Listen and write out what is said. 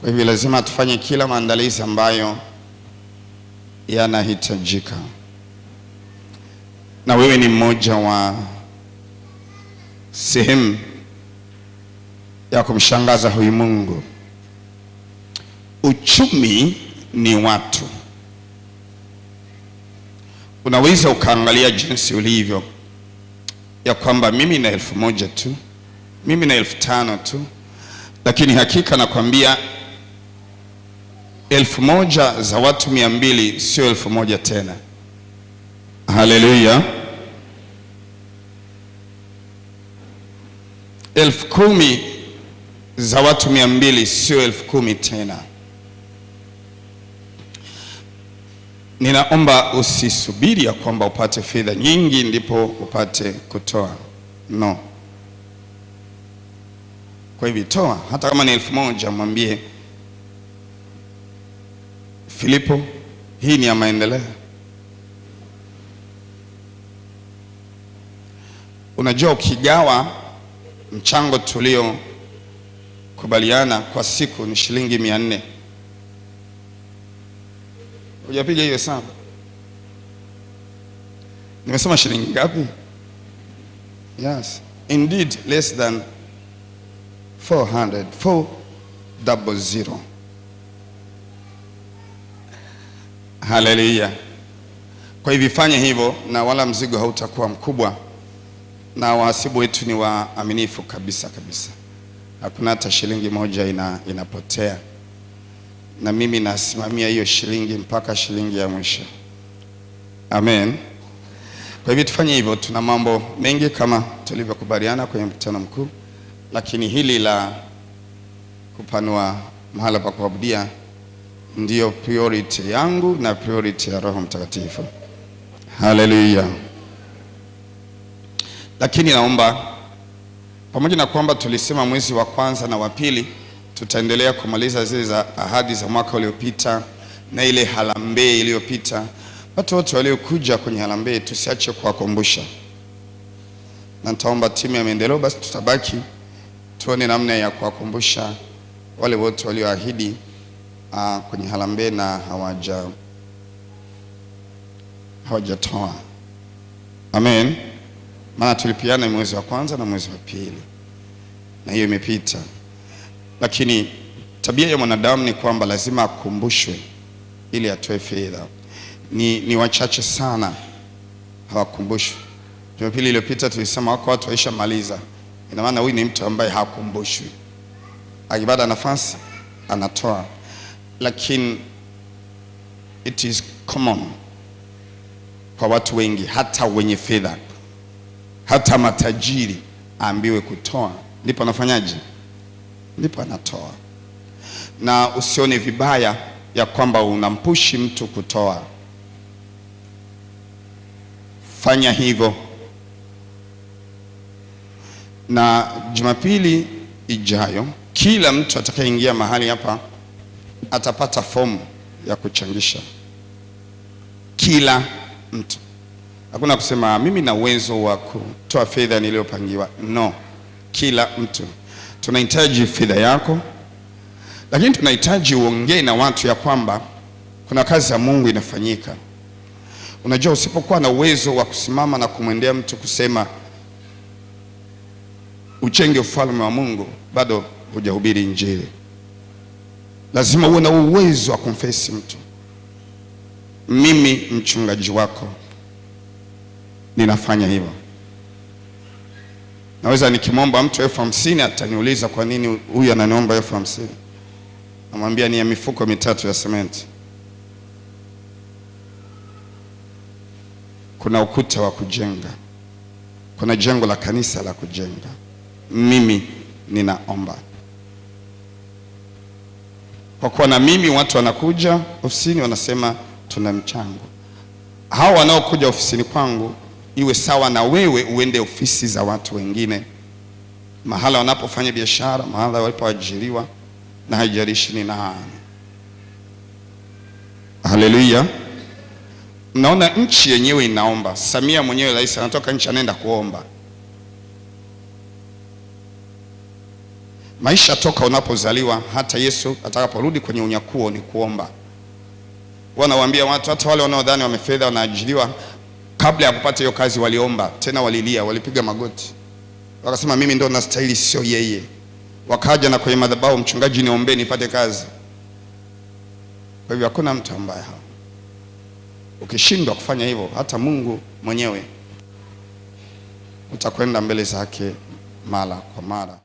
Kwa hivyo lazima tufanye kila maandalizi ambayo yanahitajika, na wewe ni mmoja wa sehemu ya kumshangaza huyu Mungu. Uchumi ni watu. Unaweza ukaangalia jinsi ulivyo ya kwamba mimi na elfu moja tu, mimi na elfu tano tu, lakini hakika nakwambia elfu moja za watu mia mbili sio elfu moja tena. Haleluya! elfu kumi za watu mia mbili sio elfu kumi tena. Ninaomba usisubiri ya kwamba upate fedha nyingi ndipo upate kutoa, no. Kwa hivyo toa, hata kama ni elfu moja mwambie Filipo, hii ni ya maendeleo. Unajua, ukigawa mchango tuliokubaliana kwa siku ni shilingi mia nne. Hujapiga hiyo hesabu? Nimesema shilingi ngapi? Yes, indeed less than 400 400 Haleluya! Kwa hivyo fanye hivyo, na wala mzigo hautakuwa mkubwa, na wahasibu wetu ni waaminifu kabisa kabisa, hakuna hata shilingi moja ina, inapotea na mimi nasimamia hiyo shilingi mpaka shilingi ya mwisho. Amen. Kwa hivyo tufanye hivyo. Tuna mambo mengi kama tulivyokubaliana kwenye mkutano mkuu, lakini hili la kupanua mahala pa kuabudia ndiyo priority yangu na priority ya Roho Mtakatifu. Haleluya! Lakini naomba pamoja na kwamba tulisema mwezi wa kwanza na wa pili tutaendelea kumaliza zile za ahadi za mwaka uliopita na ile harambee iliyopita. Watu wote waliokuja kwenye harambee tusiache kuwakumbusha, na nitaomba timu ya maendeleo basi tutabaki tuone namna ya kuwakumbusha wale wote walioahidi uh, kwenye harambee na hawaja hawajatoa. Amen, maana tulipiana mwezi wa kwanza na mwezi wa pili, na hiyo imepita, lakini tabia ya mwanadamu ni kwamba lazima akumbushwe ili atoe fedha. Ni, ni wachache sana hawakumbushwi. Jumapili iliyopita tulisema wako watu waishamaliza. Ina maana huyu ni mtu ambaye hakumbushwi, akipata nafasi anatoa lakini it is common kwa watu wengi, hata wenye fedha, hata matajiri aambiwe kutoa, ndipo anafanyaje? Ndipo anatoa. Na usione vibaya ya kwamba unampushi mtu kutoa, fanya hivyo. Na Jumapili ijayo kila mtu atakayeingia mahali hapa atapata fomu ya kuchangisha kila mtu. Hakuna kusema mimi na uwezo wa kutoa fedha niliyopangiwa. No, kila mtu. Tunahitaji fedha yako, lakini tunahitaji uongee na watu ya kwamba kuna kazi ya Mungu inafanyika. Unajua, usipokuwa na uwezo wa kusimama na kumwendea mtu kusema uchenge ufalme wa Mungu, bado hujahubiri Injili. Lazima uwe na uwezo wa kumfesi mtu. Mimi mchungaji wako ninafanya hivyo. Naweza nikimwomba mtu elfu hamsini ataniuliza kwa nini huyu ananiomba elfu hamsini namwambia ni ya mifuko mitatu ya sementi. Kuna ukuta wa kujenga, kuna jengo la kanisa la kujenga. Mimi ninaomba kwa kuwa na mimi watu wanakuja ofisini wanasema tuna mchango. Hao wanaokuja ofisini kwangu iwe sawa na wewe uende ofisi za watu wengine, mahala wanapofanya biashara, mahala walipoajiriwa, na haijalishi ni nani. Haleluya! Mnaona, nchi yenyewe inaomba. Samia mwenyewe rais anatoka nchi anaenda kuomba. Maisha toka unapozaliwa hata Yesu atakaporudi kwenye unyakuo ni kuomba. Wanawaambia watu, hata wale wanaodhani wamefedha, wanaajiriwa, kabla ya kupata hiyo kazi waliomba, tena walilia, walipiga magoti, wakasema mimi ndo nastahili, sio yeye. Wakaja na kwenye madhabahu, mchungaji, niombe nipate kazi. Kwa hivyo hakuna mtu ambaye hao. Ukishindwa kufanya hivyo, hata Mungu mwenyewe utakwenda mbele zake mara kwa mara.